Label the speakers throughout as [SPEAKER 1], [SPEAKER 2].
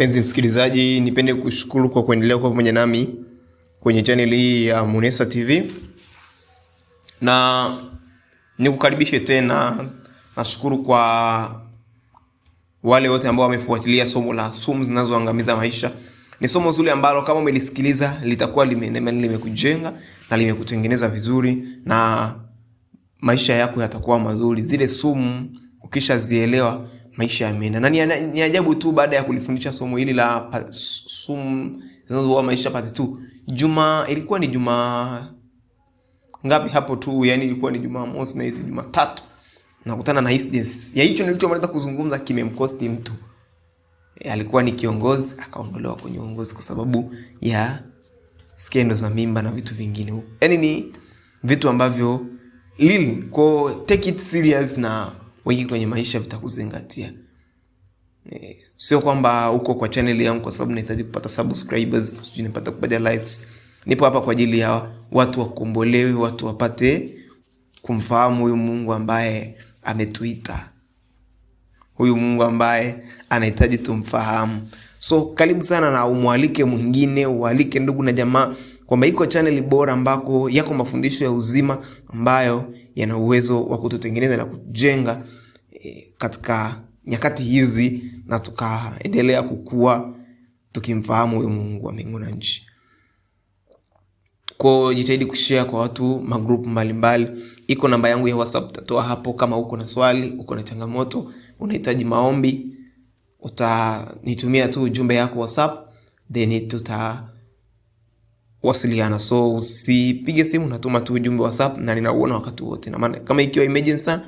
[SPEAKER 1] Mpenzi msikilizaji, nipende kushukuru kwa kuendelea kuwa pamoja nami kwenye chaneli hii ya Munesa TV na nikukaribishe tena. Nashukuru kwa wale wote ambao wamefuatilia somo la sumu zinazoangamiza maisha. Ni somo zuri ambalo kama umelisikiliza litakuwa limekujenga lime na limekutengeneza vizuri na maisha yako yatakuwa mazuri. Zile sumu ukishazielewa maisha yameenda Na ni ajabu tu baada ya kulifundisha somo hili la sum zinazoua maisha pati tu, juma ilikuwa ni juma ngapi hapo tu, yani ilikuwa ni juma mosi na hizi juma tatu nakutana na incidents ya hicho nilichomaliza kuzungumza, kimemkosti mtu. E, alikuwa ni kiongozi akaondolewa kwenye uongozi kwa sababu ya skendo za mimba na vitu vingine, yani ni vitu ambavyo lili ko take it serious na wengi kwenye maisha vitakuzingatia. E, sio kwamba uko kwa chaneli yangu kwa sababu nahitaji kupata subscribers, nipata kupata likes. Nipo hapa kwa ajili ya watu wakombolewe, watu wapate kumfahamu huyu Mungu ambaye ametuita, huyu Mungu ambaye anahitaji tumfahamu. So karibu sana, na umwalike mwingine, ualike ndugu na jamaa kwamba iko chaneli bora ambako yako mafundisho ya uzima ambayo yana uwezo wa kututengeneza na kujenga katika nyakati hizi na tukaendelea kukua tukimfahamu huyu Mungu wa mbingu na nchi. ko jitahidi kushea kwa watu magrupu mbalimbali. Iko namba yangu ya WhatsApp tatoa hapo, kama uko na swali, uko na changamoto, unahitaji maombi, utanitumia tu ujumbe yako WhatsApp then tutawasiliana. So usipige simu, natuma tu ujumbe WhatsApp na ninauona wakati wote, na kama ikiwa emergency sana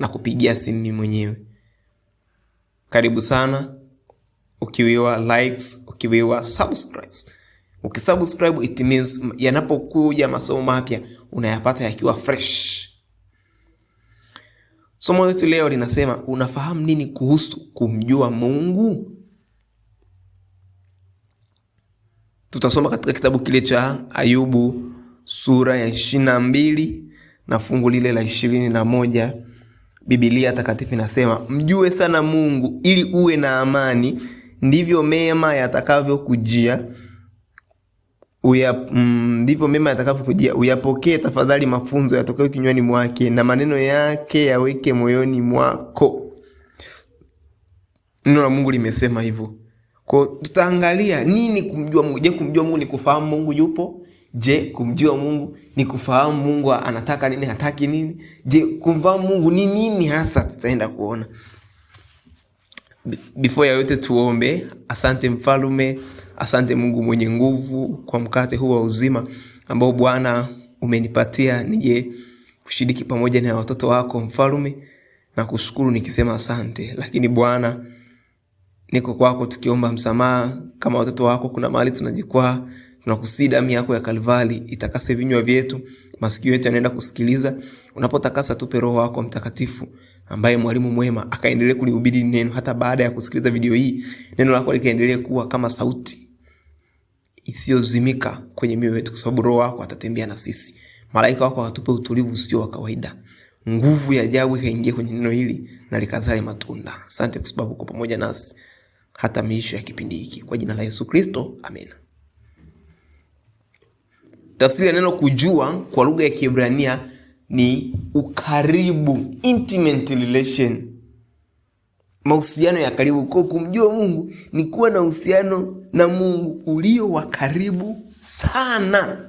[SPEAKER 1] na kupigia simu mimi mwenyewe. Karibu sana, ukiwiwa likes, ukiwiwa subscribes. Ukisubscribe it means yanapokuja masomo mapya unayapata yakiwa fresh. Somo letu leo linasema unafahamu nini kuhusu kumjua Mungu? Tutasoma katika kitabu kile cha Ayubu sura ya ishirini na mbili na fungu lile la ishirini na moja Biblia takatifu inasema, mjue sana Mungu ili uwe na amani, ndivyo mema yatakavyokujia mm, ndivyo mm, mema yatakavyokujia. Uyapokee tafadhali mafunzo yatokayo kinywani mwake, na maneno yake yaweke moyoni mwako. Neno la Mungu limesema hivyo. Kwa tutaangalia nini kumjua Mungu. Je, kumjua Mungu ni kufahamu Mungu yupo? Je, kumjua Mungu ni kufahamu Mungu anataka nini, hataki nini? Je, kumfahamu Mungu ni nini hasa? Tutaenda kuona. Before ya yote tuombe. Asante mfalume, asante Mungu mwenye nguvu kwa mkate huu wa uzima ambao Bwana umenipatia nije kushiriki pamoja na watoto wako mfalume, na kushukuru nikisema asante. Lakini Bwana, niko kwako tukiomba msamaha kama watoto wako, kuna mahali tunajikwaa Tunakusii damu yako ya kalvali itakase vinywa vyetu, masikio yetu yanaenda kusikiliza. Unapotakasa, tupe Roho wako Mtakatifu ambaye mwalimu mwema akaendelee kulihubiri neno hata baada ya kusikiliza video hii, neno lako likaendelee kuwa kama sauti isiyozimika kwenye mioyo yetu, kwa sababu Roho wako atatembea na sisi. Malaika wako watupe utulivu usio wa kawaida, nguvu ya jabu ikaingia kwenye neno hili na likazale matunda. Asante kwa sababu uko pamoja nasi hata miisho ya kipindi hiki, kwa jina la Yesu Kristo, amena. Tafsiri ya neno kujua kwa lugha ya Kiebrania ni ukaribu, intimate relation, mahusiano ya karibu. Kwa kumjua Mungu ni kuwa na uhusiano na Mungu ulio wa karibu sana,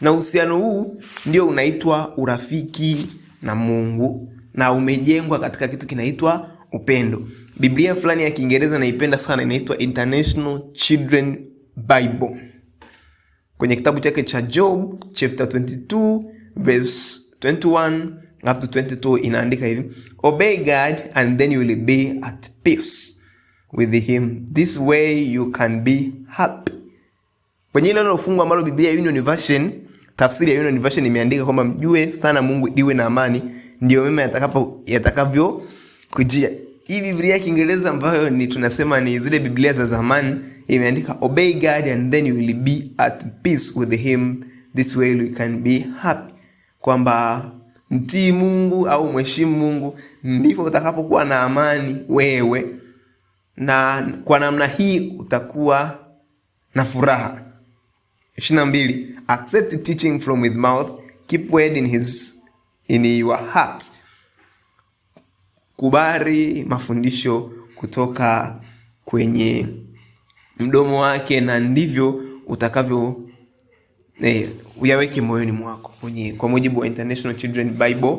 [SPEAKER 1] na uhusiano huu ndio unaitwa urafiki na Mungu na umejengwa katika kitu kinaitwa upendo. Biblia fulani ya Kiingereza naipenda sana, inaitwa International Children Bible kwenye kitabu chake cha Job chapter 22 verse 21 up to 22 inaandika hivi, obey God and then you will be at peace with him, this way you can be happy. Kwenye ile neno fungu ambalo Biblia Union Version, tafsiri ya Union Version imeandika kwamba mjue sana Mungu iwe na amani, ndio mema yatakapo yatakavyo kujia. Hii Biblia ya Kiingereza ambayo ni tunasema ni zile Biblia za zamani imeandika obey God and then you will be at peace with him, this way you can be happy, kwamba mtii Mungu au mheshimu Mungu, ndivyo utakapokuwa na amani wewe, na kwa namna hii utakuwa na furaha. 22 accept teaching from his mouth keep word in his in your heart, kubari mafundisho kutoka kwenye mdomo wake, na ndivyo utakavyo eh, uyaweke moyoni mwako kwenye, kwa mujibu wa International Children Bible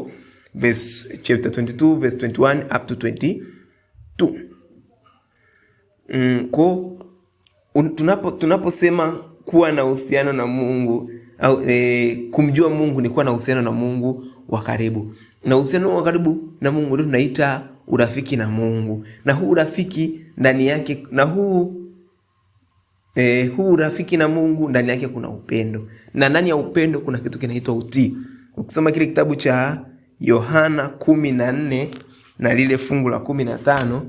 [SPEAKER 1] verse chapter 22 verse 21 up to 22. Mm, ko tunapo tunaposema kuwa na uhusiano na Mungu au eh, kumjua Mungu ni kuwa na uhusiano na Mungu wa karibu, na uhusiano wa karibu na Mungu ndio tunaita urafiki na Mungu, na huu urafiki ndani yake na huu Eh, huu rafiki na Mungu ndani yake kuna upendo, na ndani ya upendo kuna kitu kinaitwa utii. Ukisoma kile kitabu cha Yohana kumi na nne na lile fungu la kumi na tano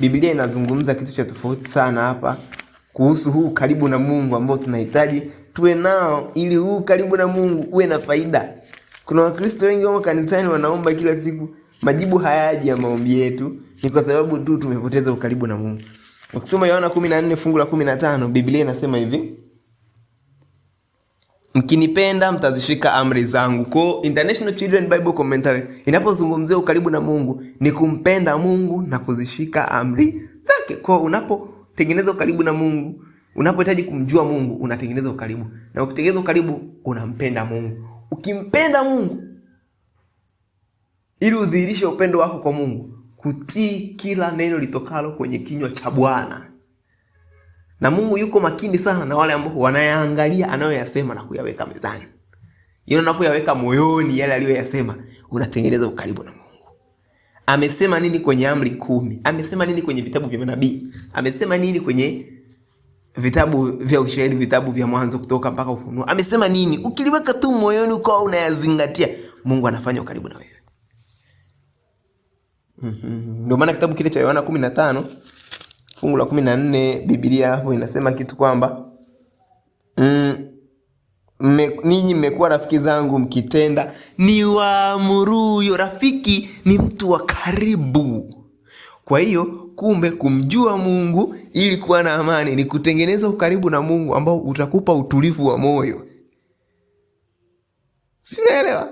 [SPEAKER 1] Biblia inazungumza kitu cha tofauti sana hapa kuhusu huu karibu na Mungu ambao tunahitaji tuwe nao, ili huu karibu na Mungu uwe na faida. Kuna Wakristo wengi wamo kanisani wanaomba kila siku, majibu hayaji ya maombi yetu, ni kwa sababu tu tumepoteza ukaribu na Mungu. Ukisoma Yohana 14 fungu la 15, Biblia inasema hivi, mkinipenda mtazishika amri zangu. ko International Children Bible Commentary inapozungumzia ukaribu na Mungu ni kumpenda Mungu na kuzishika amri zake. Kwa unapotengeneza ukaribu na Mungu, unapohitaji kumjua Mungu, unatengeneza ukaribu, na ukitengeneza ukaribu, unampenda Mungu. Ukimpenda Mungu ili udhihirishe upendo wako kwa Mungu kutii kila neno litokalo kwenye kinywa cha Bwana. Na Mungu yuko makini sana na wale ambao wanayaangalia anayoyasema na kuyaweka mezani. Yule yaani unapoyaweka moyoni yale aliyoyasema, unatengeneza ukaribu na Mungu. Amesema nini kwenye amri kumi? Amesema nini kwenye vitabu vya manabii? Amesema nini kwenye vitabu vya ushahidi, vitabu vya Mwanzo, Kutoka mpaka Ufunuo? Amesema nini? Ukiliweka tu moyoni ukawa unayazingatia, Mungu anafanya ukaribu na wewe mm -hmm. Ndio maana kitabu kile cha Yohana kumi na tano fungu la kumi na nne Biblia hapo inasema kitu kwamba mm, me, ninyi mmekuwa rafiki zangu mkitenda ni waamuruyo. Rafiki ni mtu wa karibu. Kwa hiyo kumbe, kumjua Mungu ili kuwa na amani ni kutengeneza ukaribu na Mungu ambao utakupa utulivu wa moyo, si unaelewa?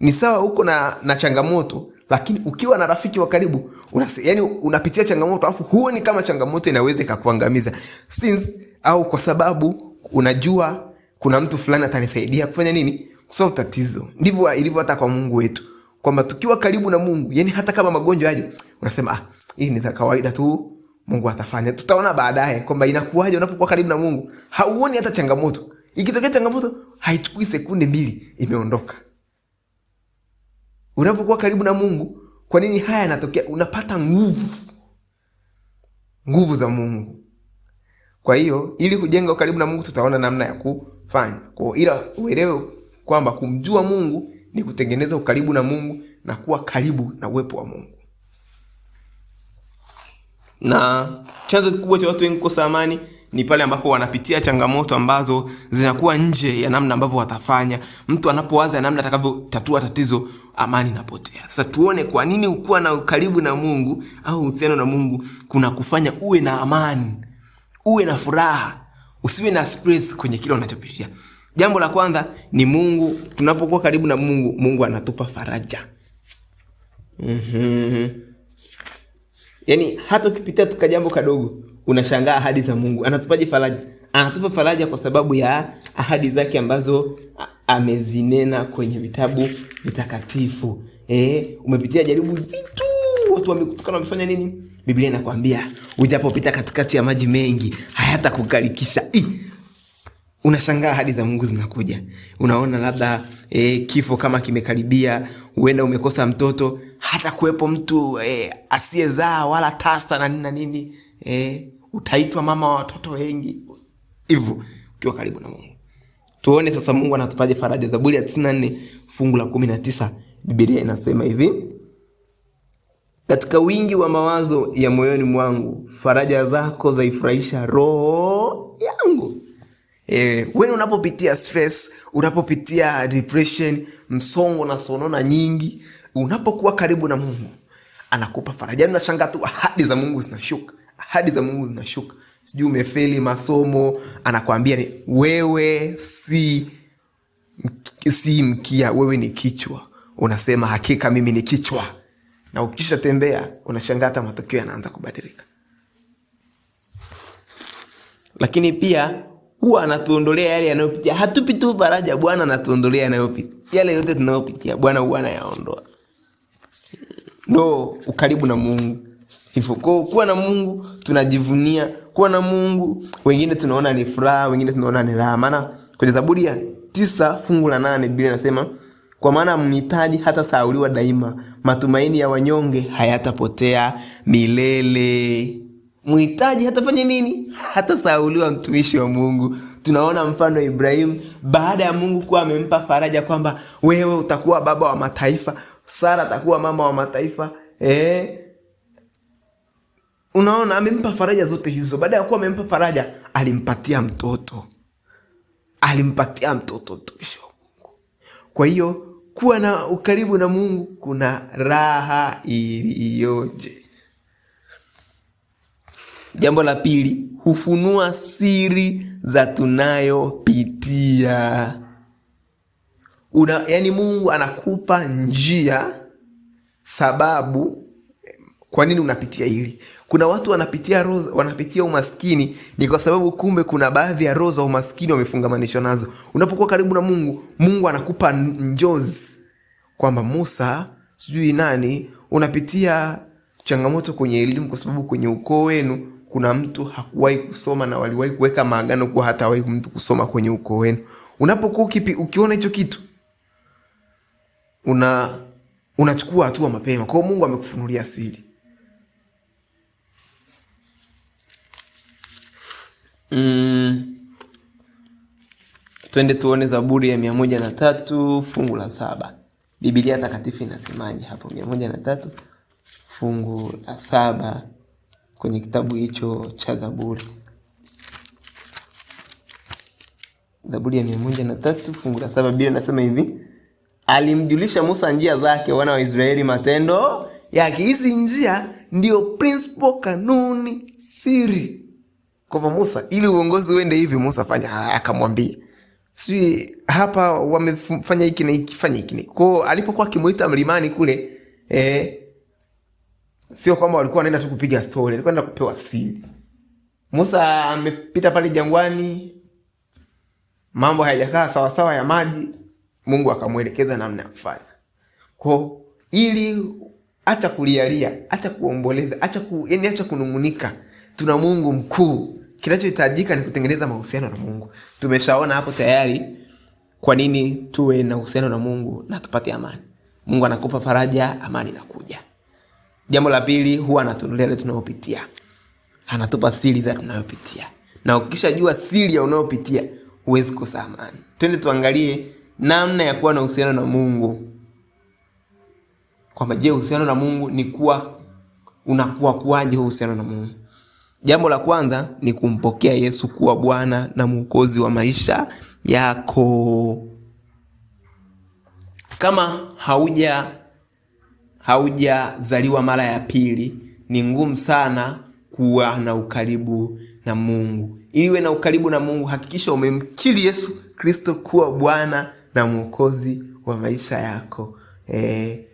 [SPEAKER 1] Ni sawa huko na, na changamoto lakini ukiwa na rafiki wa karibu una, yani unapitia changamoto alafu huoni kama changamoto inaweza ikakuangamiza since au kwa sababu unajua kuna mtu fulani atanisaidia kufanya nini kusolve tatizo ndivyo ilivyo hata kwa mungu wetu kwamba tukiwa karibu na mungu yani hata kama magonjwa aje unasema ah, hii ni kawaida tu mungu atafanya tutaona baadaye kwamba inakuwaje unapokuwa karibu na mungu hauoni hata changamoto ikitokea changamoto haichukui sekunde mbili imeondoka Unapokuwa karibu na Mungu, kwa nini haya yanatokea? Unapata nguvu, nguvu za Mungu. Kwa hiyo ili kujenga ukaribu na Mungu, tutaona namna ya kufanya kwa, ila uelewe kwamba kumjua Mungu ni kutengeneza ukaribu na Mungu na kuwa karibu na uwepo wa Mungu. Na chanzo kikubwa cha watu wengi kukosa amani ni pale ambapo wanapitia changamoto ambazo zinakuwa nje ya namna ambavyo watafanya. Mtu anapowaza namna atakavyotatua tatizo, amani inapotea. Sasa tuone kwa nini ukuwa na ukaribu na Mungu au uhusiano na Mungu kuna kufanya uwe na amani, uwe na furaha, usiwe na stress kwenye kile unachopitia. Jambo la kwanza ni Mungu. Tunapokuwa karibu na Mungu, Mungu anatupa faraja. Mm-hmm. Yaani hata ukipitia tuka jambo kadogo unashangaa ahadi za Mungu. Anatupaje faraja? Anatupa faraja kwa sababu ya ahadi zake ambazo amezinena kwenye vitabu ni eh, umepitia jaribu zitu watu wamekutukana, wamefanya nini? Biblia inakwambia ujapopita katikati ya maji mengi hayatakukarikisha. Unashangaa ahadi za Mungu zinakuja, unaona labda e, kifo kama kimekaribia, huenda umekosa mtoto, hata kuwepo mtu e, asiyezaa wala tasa na nini na nini e, utaitwa mama wa watoto wengi, hivyo ukiwa karibu na Mungu. Tuone sasa Mungu anatupaje faraja. Zaburi ya tisini na nne fungu la 19 na Biblia inasema hivi: katika wingi wa mawazo ya moyoni mwangu faraja zako zaifurahisha roho yangu. E, wewe unapopitia stress, unapopitia depression, msongo na sonona nyingi, unapokuwa karibu na Mungu anakupa faraja. Yaani Nashangaa tu ahadi za Mungu zinashuka, ahadi za Mungu zinashuka. Sijui umefeli masomo, anakwambia ni wewe si si mkia, wewe ni kichwa. Unasema hakika mimi ni kichwa, na ukisha tembea unashangaa hata matokeo yanaanza kubadilika. Lakini pia huwa anatuondolea yale yanayopitia, hatupi tu faraja, Bwana anatuondolea yanayopitia, yale yote tunayopitia Bwana huwa anayaondoa. Ndo ukaribu na Mungu hivyo ko kuwa na Mungu tunajivunia kuwa na Mungu. Wengine tunaona ni furaha, wengine tunaona ni raha, maana kwenye Zaburi ya tisa fungu la nane Biblia inasema kwa maana mhitaji sauliwa daima, matumaini ya wanyonge hayatapotea milele. Mhitaji hatafanya nini? hata sauliwa, mtumishi wa Mungu. Tunaona mfano Ibrahimu, baada ya Mungu kuwa amempa faraja kwamba wewe utakuwa baba wa mataifa, Sara atakuwa mama wa mataifa eh? Unaona, amempa faraja zote hizo. Baada ya kuwa amempa faraja, alimpatia mtoto alimpatia mtoto mtumishi wa Mungu. Kwa hiyo kuwa na ukaribu na Mungu kuna raha iliyoje! Jambo la pili, hufunua siri za tunayopitia. Una, yani Mungu anakupa njia, sababu kwa nini unapitia hili? Kuna watu wanapitia roho, wanapitia umaskini ni kwa sababu kumbe kuna baadhi ya roho za umaskini wamefungamanishwa nazo. Unapokuwa karibu na Mungu, Mungu anakupa njozi kwamba Musa, sijui nani, unapitia changamoto kwenye elimu kwa sababu kwenye ukoo wenu kuna mtu hakuwahi kusoma na waliwahi kuweka maagano kuwa hatawahi mtu kusoma kwenye ukoo wenu. Unapokuwa ukiona hicho kitu una unachukua hatua mapema. Kwa Mungu amekufunulia siri. Mm. Twende tuone Zaburi ya mia moja na tatu fungu la saba. Biblia takatifu inasemaje hapo? mia moja na tatu fungu la saba kwenye kitabu hicho cha Zaburi. Zaburi ya mia moja na tatu fungu la saba Biblia inasema hivi, alimjulisha Musa njia zake, wana wa Israeli matendo yake. Hizi njia ndio principle, kanuni, siri kwamba Musa, ili uongozi uende hivi, Musa fanya, ah, akamwambia sijui hapa wamefanya hiki na hiki, fanya hiki kwao. Alipokuwa akimwita mlimani kule eh, sio kwamba walikuwa wanaenda tu kupiga stori, alikuwa anaenda kupewa siri. Musa amepita pale jangwani, mambo hayajakaa sawasawa ya maji, Mungu akamwelekeza namna ya kufanya kwao, ili acha kulialia, acha kuomboleza, acha ku, yani acha kunungunika tuna Mungu mkuu. Kinachohitajika ni kutengeneza mahusiano na Mungu. Tumeshaona hapo tayari kwa nini tuwe na uhusiano na Mungu na tupate amani. Mungu anakupa faraja, amani inakuja. Jambo la pili, huwa anatunulia le tunayopitia, anatupa sili za tunayopitia, na ukishajua sili ya unayopitia huwezi kosa amani. Twende tuangalie namna ya kuwa na uhusiano na Mungu, kwamba je, uhusiano na Mungu ni kuwa unakuwa kuwaje? Huu uhusiano na Mungu Jambo la kwanza ni kumpokea Yesu kuwa Bwana na Mwokozi wa maisha yako. Kama hauja haujazaliwa mara ya pili, ni ngumu sana kuwa na ukaribu na Mungu. Ili uwe na ukaribu na Mungu, hakikisha umemkiri Yesu Kristo kuwa Bwana na Mwokozi wa maisha yako. E,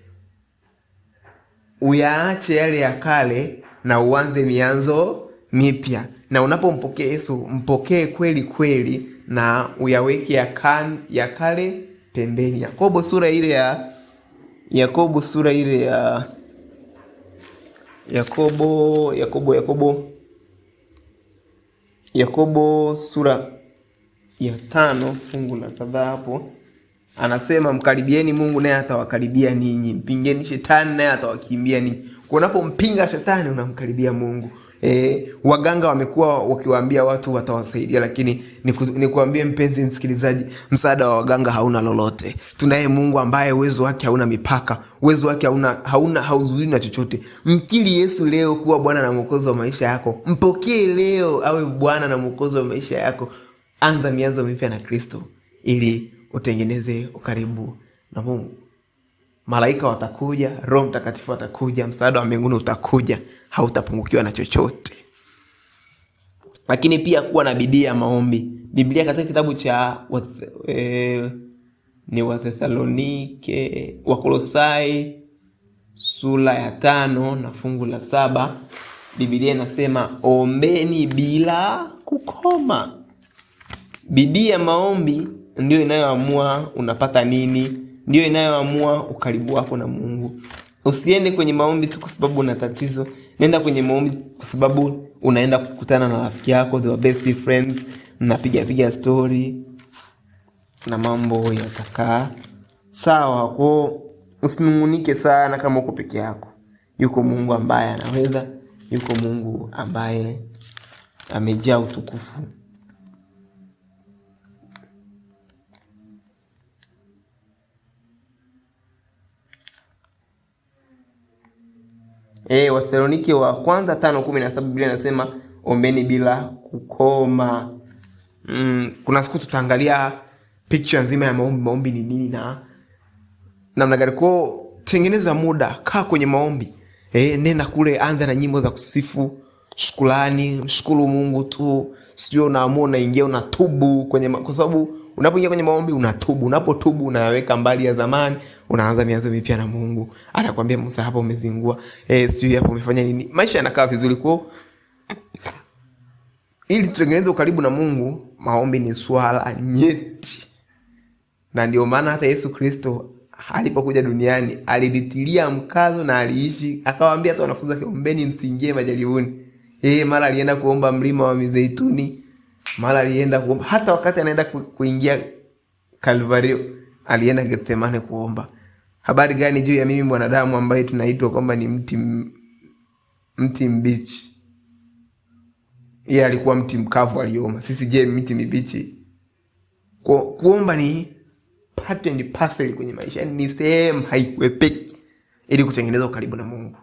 [SPEAKER 1] uyaache yale ya kale na uanze mianzo mipya. Na unapompokea Yesu, mpokee kweli kweli na uyaweke ya, kan, ya kale pembeni. Yakobo sura ile ya Yakobo sura ile ya Yakobo Yakobo Yakobo Yakobo sura ya tano fungu la kadhaa hapo anasema mkaribieni Mungu naye atawakaribia ninyi, mpingeni shetani naye atawakimbia ninyi. Unapompinga shetani unamkaribia Mungu. E, waganga wamekuwa wakiwaambia watu watawasaidia, lakini nikuambie mpenzi msikilizaji, msaada wa waganga hauna lolote. Tunaye Mungu ambaye uwezo wake hauna mipaka, uwezo wake hauna, hauna hauzuii na chochote. Mkiri Yesu leo kuwa Bwana na Mwokozi wa maisha yako, mpokee leo awe Bwana na Mwokozi wa maisha yako. Anza mianzo mipya na Kristo ili utengeneze ukaribu na Mungu malaika watakuja, Roho Mtakatifu atakuja, msaada wa mbinguni utakuja, hautapungukiwa na chochote. Lakini pia kuwa na bidii ya maombi. Biblia katika kitabu cha wath, e, ni Wathesalonike, Wakolosai sura ya tano na fungu la saba Biblia inasema ombeni bila kukoma. Bidii ya maombi ndio inayoamua unapata nini ndiyo inayoamua ukaribu wako na Mungu. Usiende kwenye maombi tu kwa sababu una tatizo. Nenda kwenye maombi kwa sababu unaenda kukutana na rafiki yako, the best friends, story na mambo yatakaa sawa. ko usinungunike sana kama uko peke yako. Yuko Mungu ambaye anaweza, yuko Mungu ambaye amejaa utukufu. E, Wathesalonike wa kwanza tano kumi na saba Biblia inasema ombeni bila kukoma. Mm, kuna siku tutaangalia picha nzima ya maombi, maombi ni nini na namna gani. Kwa tengeneza muda, kaa kwenye maombi e, nenda kule, anza na nyimbo za kusifu, shukrani, mshukuru Mungu tu sio unaamua unaingia unatubu kwenye, kwa sababu unapoingia kwenye maombi unatubu. Unapotubu unayaweka mbali ya zamani, unaanza mianzo mipya na Mungu. Anakuambia Musa, hapa umezingua eh, sio hapo umefanya nini, maisha yanakaa vizuri kwa Ili tutengeneze ukaribu na Mungu, maombi ni swala nyeti, na ndio maana hata Yesu Kristo alipokuja duniani alilitilia mkazo na aliishi, akawaambia hata wanafunzi wake, ombeni msiingie majaribuni mara alienda kuomba mlima wa Mizeituni, mara alienda kuomba, hata wakati anaenda kuingia Kalvario alienda Getsemane kuomba. Habari gani juu ya mimi mwanadamu ambaye tunaitwa kwamba ni mti, mti mbichi? Yeye alikuwa mti mkavu aliomba. Sisi je, mti mibichi? Kwa kuomba ni pattern, paseli kwenye maisha, yaani ni sehemu haikwepeki ili kutengeneza ukaribu na Mungu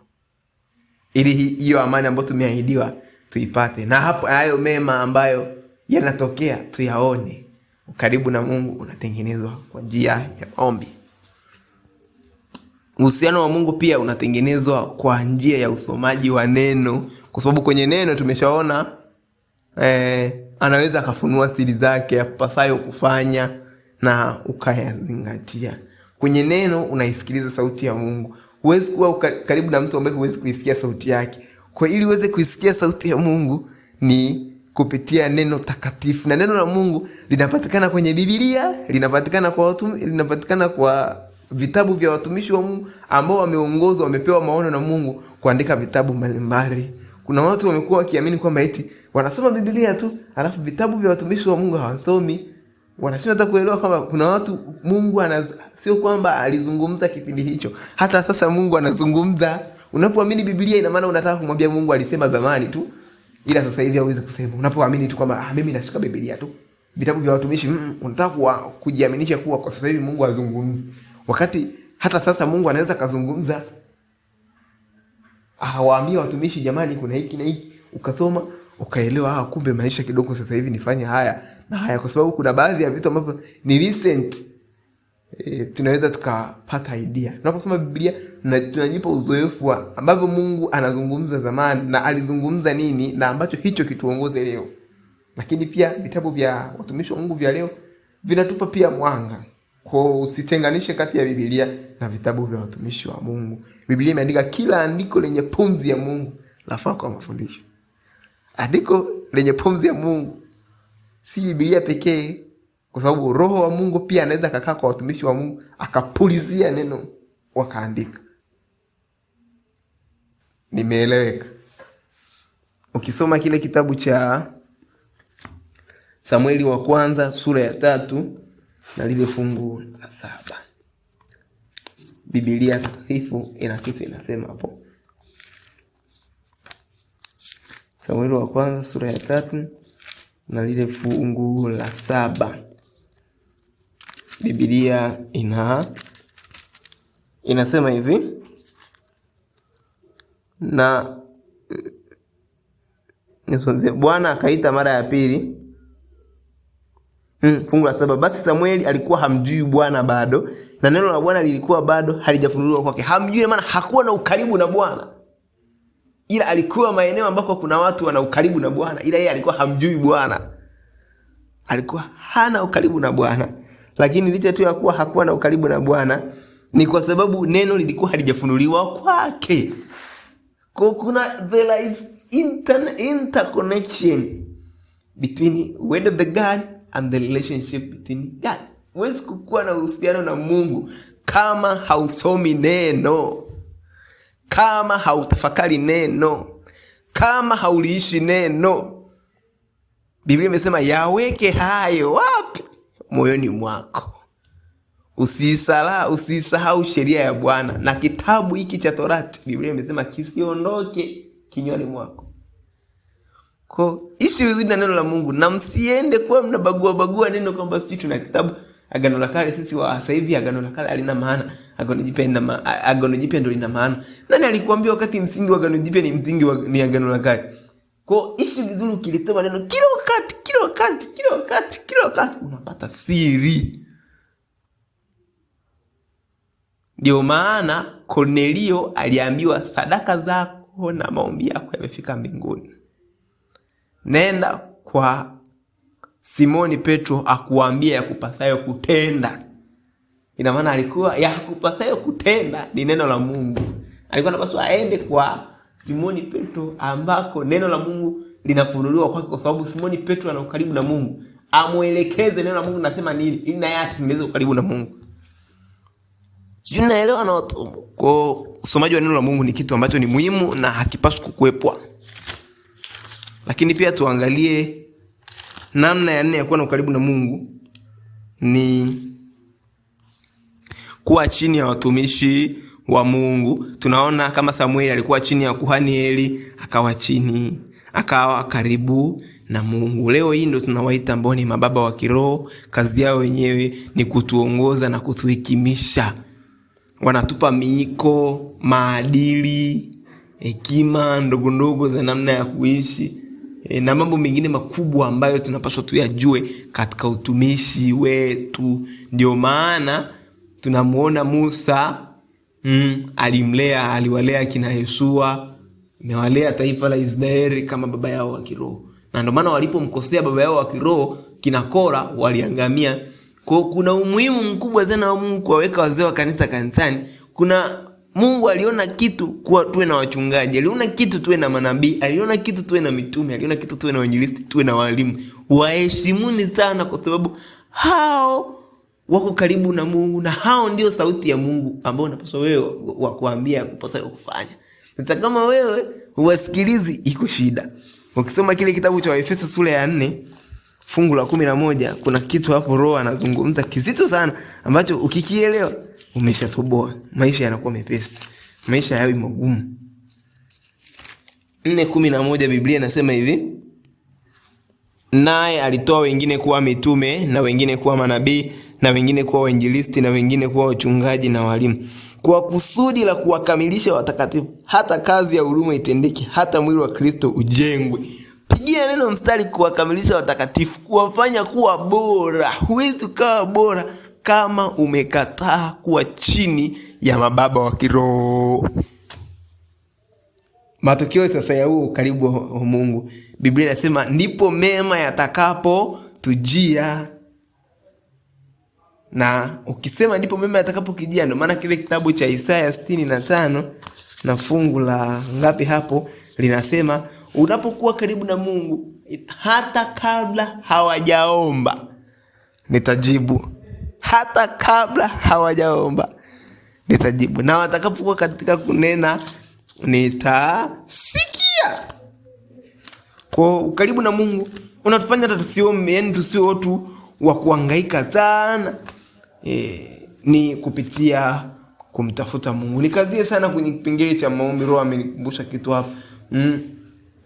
[SPEAKER 1] ili hiyo amani ambayo tumeahidiwa tuipate, na hapo hayo mema ambayo yanatokea tuyaone. Ukaribu na Mungu unatengenezwa kwa njia ya maombi. Uhusiano wa Mungu pia unatengenezwa kwa njia ya usomaji wa neno, kwa sababu kwenye neno tumeshaona eh, anaweza akafunua siri zake apasayo kufanya na ukayazingatia. Kwenye neno unaisikiliza sauti ya Mungu. Huwezi kuwa karibu na mtu ambaye huwezi kuisikia sauti yake. Kwa ili uweze kuisikia sauti ya Mungu ni kupitia neno takatifu, na neno la Mungu linapatikana kwenye bibilia linapatikana kwa watu, linapatikana kwa vitabu vya watumishi wa Mungu ambao wameongozwa, wamepewa maono na Mungu kuandika vitabu mbalimbali. Kuna watu wamekuwa wakiamini kwamba eti wanasoma bibilia tu, alafu vitabu vya watumishi wa Mungu hawasomi wanashinda hata kuelewa kwamba kuna watu Mungu ana, sio kwamba alizungumza kipindi hicho, hata sasa Mungu anazungumza. Unapoamini Biblia, ina maana unataka kumwambia Mungu alisema zamani tu, ila sasa hivi hauwezi kusema. Unapoamini tu kwamba ah, mimi nashika Biblia tu, vitabu vya watumishi mm, mm unataka kujiaminisha kuwa kwa sasa hivi Mungu azungumzi, wakati hata sasa Mungu anaweza kazungumza, awaambia watumishi, jamani, kuna hiki na hiki, ukasoma ukaelewa, ah, kumbe maisha kidogo sasa hivi nifanye haya na haya, kwa sababu kuna baadhi ya vitu ambavyo ni recent e, tunaweza tukapata idea tunaposoma Biblia na tunajipa uzoefu wa ambavyo Mungu anazungumza zamani na alizungumza nini na ambacho hicho kituongoze leo. Lakini pia vitabu vya watumishi wa Mungu vya leo vinatupa pia mwanga kwa usitenganishe kati ya Biblia na vitabu vya watumishi wa Mungu. Biblia imeandika kila andiko lenye pumzi ya Mungu lafaa kwa mafundisho andiko lenye pumzi ya Mungu, si Biblia pekee, kwa sababu Roho wa Mungu pia anaweza akakaa kwa watumishi wa Mungu akapulizia neno wakaandika. Nimeeleweka? Ukisoma kile kitabu cha Samueli wa kwanza sura ya tatu na lile fungu la saba Biblia takatifu ina kitu inasema hapo Samueli wa kwanza sura ya tatu na lile fungu la saba. Biblia ina inasema hivi na Bwana akaita mara ya pili Hmm, fungu la saba. Basi Samueli alikuwa hamjui Bwana bado, na neno la Bwana lilikuwa bado halijafunuliwa kwake. Hamjui maana hakuwa na ukaribu na Bwana ila alikuwa maeneo ambako kuna watu wana ukaribu na Bwana, ila yeye alikuwa hamjui Bwana, alikuwa hana ukaribu na Bwana. Lakini licha tu ya kuwa hakuwa na ukaribu na Bwana, ni kwa sababu neno lilikuwa halijafunuliwa kwake. Kwa kuna there is inter interconnection between word of the God and the relationship between God. Huwezi kukuwa na uhusiano na Mungu kama hausomi neno kama hautafakari neno, kama hauliishi neno. Biblia imesema yaweke hayo wapi? Moyoni mwako. Usiisala, usiisahau sheria ya Bwana na kitabu hiki cha Torati, Biblia imesema kisiondoke kinywani mwako. Ko, ishi vizuri na neno la Mungu na msiende kuwa mnabagua bagua neno kwamba sisi tuna kitabu Agano la Kale sisi wa sasa hivi, Agano la Kale halina maana, Agano Jipya lina maana. Agano Jipya ndio lina maana. Nani alikwambia wakati msingi wa Agano Jipya ni msingi wa ni Agano la Kale? Kwa ishi vizuri, ukilitoma neno kila wakati, kila wakati, kila wakati, kila wakati unapata siri. Ndio maana Cornelio aliambiwa sadaka zako na maombi yako yamefika mbinguni, nenda kwa Simoni Petro akuambia yakupasayo kutenda. Ina maana alikuwa yakupasayo kutenda ni neno la Mungu. Alikuwa anapaswa aende kwa Simoni Petro ambako neno la Mungu linafunuliwa kwake, kwa sababu Simoni Petro ana ukaribu na Mungu, amuelekeze neno la Mungu nasema nini, ili naye atengeneze ukaribu na Mungu. Sijui naelewa na kwa usomaji wa neno la Mungu ni kitu ambacho ni muhimu na hakipaswi kukwepwa, lakini pia tuangalie namna ya nne ya kuwa na ukaribu na Mungu ni kuwa chini ya watumishi wa Mungu. Tunaona kama Samueli alikuwa chini ya kuhani Eli, akawa chini, akawa karibu na Mungu. Leo hii ndo tunawaita ambao ni mababa wa kiroho, kazi yao wenyewe ni kutuongoza na kutuhikimisha. Wanatupa miiko, maadili, hekima ndogo ndogo za namna ya kuishi E, na mambo mengine makubwa ambayo tunapaswa tuyajue katika utumishi wetu. Ndio maana tunamwona Musa mm, alimlea aliwalea kina Yoshua, amewalea taifa la Israeli kama baba yao wa kiroho, na ndio maana walipomkosea baba yao wa kiroho kina Kora waliangamia. Kwa kuna umuhimu mkubwa sana wa Mungu kuwaweka wazee wa kanisa kanisani. Kuna Mungu aliona kitu kuwa tuwe na wachungaji, aliona kitu tuwe na manabii, aliona kitu tuwe na mitume, aliona kitu tuwe na wainjilisti, tuwe na walimu. Waheshimuni sana, kwa sababu hao wako karibu na Mungu na hao ndio sauti ya Mungu ambao unapaswa wewe wakuambia kupasa kufanya. Sasa kama wewe huwasikilizi, iko shida. Ukisoma kile kitabu cha Waefeso sura ya nne fungu la kumi na moja kuna kitu hapo Roho anazungumza kizito sana ambacho ukikielewa umeshatoboa, maisha yanakuwa mepesi, maisha yawi magumu. nne kumi na moja Biblia inasema hivi, naye alitoa wengine kuwa mitume na wengine kuwa manabii na wengine kuwa wainjilisti na wengine kuwa wachungaji na walimu, kwa kusudi la kuwakamilisha watakatifu, hata kazi ya huruma itendeke, hata mwili wa Kristo ujengwe Pigia neno mstari kuwakamilisha watakatifu, kuwafanya kuwa bora. Huwezi ukawa bora kama umekataa kuwa chini ya mababa wa kiroho. Matokeo sasa ya huo karibu wa Mungu, Biblia inasema ndipo mema yatakapo tujia Na ukisema ndipo mema yatakapokijia, ndio maana kile kitabu cha Isaya sitini na tano na fungu la ngapi hapo linasema unapokuwa karibu na Mungu hata kabla hawajaomba nitajibu, hata kabla hawajaomba nitajibu, na watakapokuwa katika kunena nitasikia. Kwa ukaribu na Mungu unatufanya hata tusiombe, yani tusio watu wa kuangaika sana e, ni kupitia kumtafuta Mungu. Nikazie sana kwenye kipengele cha maombi. Roho amenikumbusha kitu hapa mm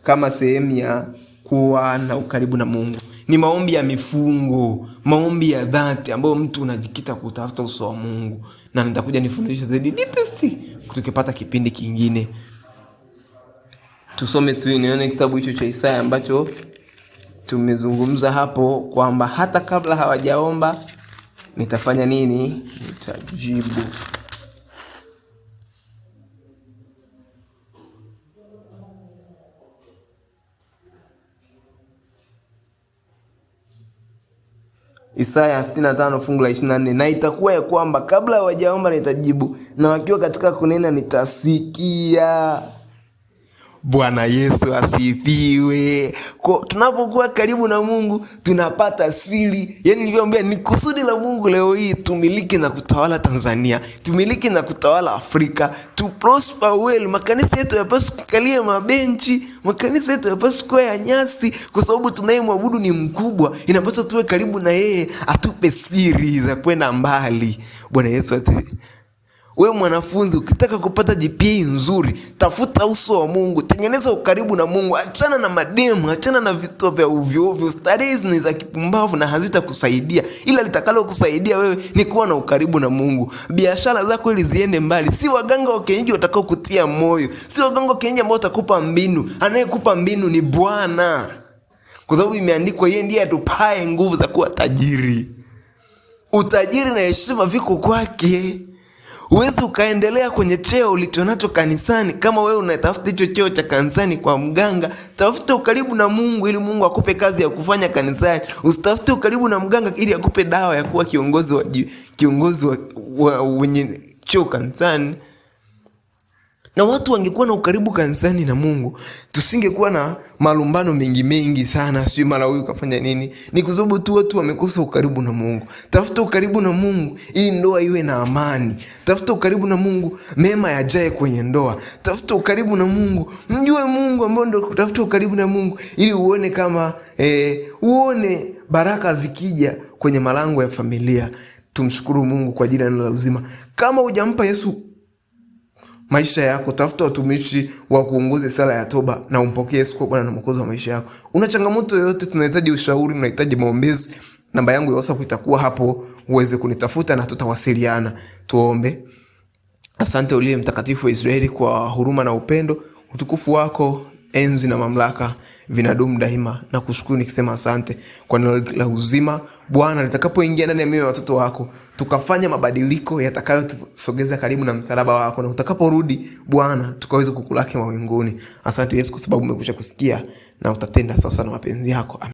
[SPEAKER 1] kama sehemu ya kuwa na ukaribu na Mungu. Ni maombi ya mifungo, maombi ya dhati ambayo mtu unajikita kutafuta uso wa Mungu, na nitakuja nifundisha zaidi deepest tukipata kipindi kingine. Tusome tu nione kitabu hicho cha Isaya ambacho tumezungumza hapo kwamba hata kabla hawajaomba nitafanya nini? Nitajibu. Isaya 65 fungu la 24, na itakuwa ya kwamba kabla hawajaomba nitajibu, na wakiwa katika kunena nitasikia. Bwana Yesu asifiwe. Kwa tunapokuwa karibu na Mungu tunapata siri, yaani nilivyoambia, ni kusudi la Mungu leo hii tumiliki na kutawala Tanzania, tumiliki na kutawala Afrika, tu prosper well. Makanisa yetu yapasi kukalia mabenchi, makanisa yetu yapasi kuwa ya nyasi, kwa sababu tunayemwabudu ni mkubwa, inapaswa tuwe karibu na yeye, atupe siri za kwenda mbali. Bwana Yesu asifiwe. We mwanafunzi, ukitaka kupata GPA nzuri, tafuta uso wa Mungu, tengeneza ukaribu na Mungu, achana na mademu, achana na vitu vya ovyoovyo. Studies ni za kipumbavu na hazitakusaidia, ila litakalokusaidia wewe ni kuwa na ukaribu na Mungu. Biashara zako ili ziende mbali, si waganga wa kienyeji watakao kutia moyo, si waganga wa kienyeji ambao watakupa mbinu. Anayekupa mbinu ni Bwana, kwa sababu imeandikwa, yeye ndiye atupae nguvu za kuwa tajiri. Utajiri na heshima viko kwake. Huwezi ukaendelea kwenye cheo ulichonacho kanisani. Kama wewe unatafuta hicho cheo cha kanisani kwa mganga, tafuta ukaribu na Mungu ili Mungu akupe kazi ya kufanya kanisani. Usitafute ukaribu na mganga ili akupe dawa ya kuwa kiongozi wa, kiongozi wa, wa, wenye cheo kanisani na watu wangekuwa na ukaribu kanisani na Mungu, tusingekuwa na malumbano mengi mengi sana, sio mara huyu kafanya nini. Ni kwa sababu tu watu wamekosa ukaribu na Mungu. Tafuta ukaribu na Mungu ili ndoa iwe na amani. Tafuta ukaribu na Mungu, mema yajae kwenye ndoa. Tafuta ukaribu na Mungu, mjue Mungu ambao ndo kutafuta ukaribu na Mungu ili uone kama eh, uone baraka zikija kwenye malango ya familia. Tumshukuru Mungu kwa ajili ya neno la uzima. Kama hujampa Yesu maisha yako, tafuta watumishi wa kuongoza sala ya toba na umpokee Yesu Bwana na Mwokozi wa maisha yako. Una changamoto yoyote, tunahitaji ushauri, unahitaji maombezi, namba yangu ya WhatsApp itakuwa hapo, uweze kunitafuta na tutawasiliana. Tuombe. Asante uliye mtakatifu wa Israeli kwa huruma na upendo, utukufu wako enzi na mamlaka vinadumu daima. Na kushukuru nikisema asante kwa neno la uzima. Bwana, nitakapoingia ndani ya mioyo ya watoto wako, tukafanya mabadiliko yatakayotusogeza karibu na msalaba wako, na utakaporudi Bwana, tukaweze kukulaki mawinguni. Asante Yesu kwa sababu umekusha kusikia na utatenda sasa na mapenzi yako.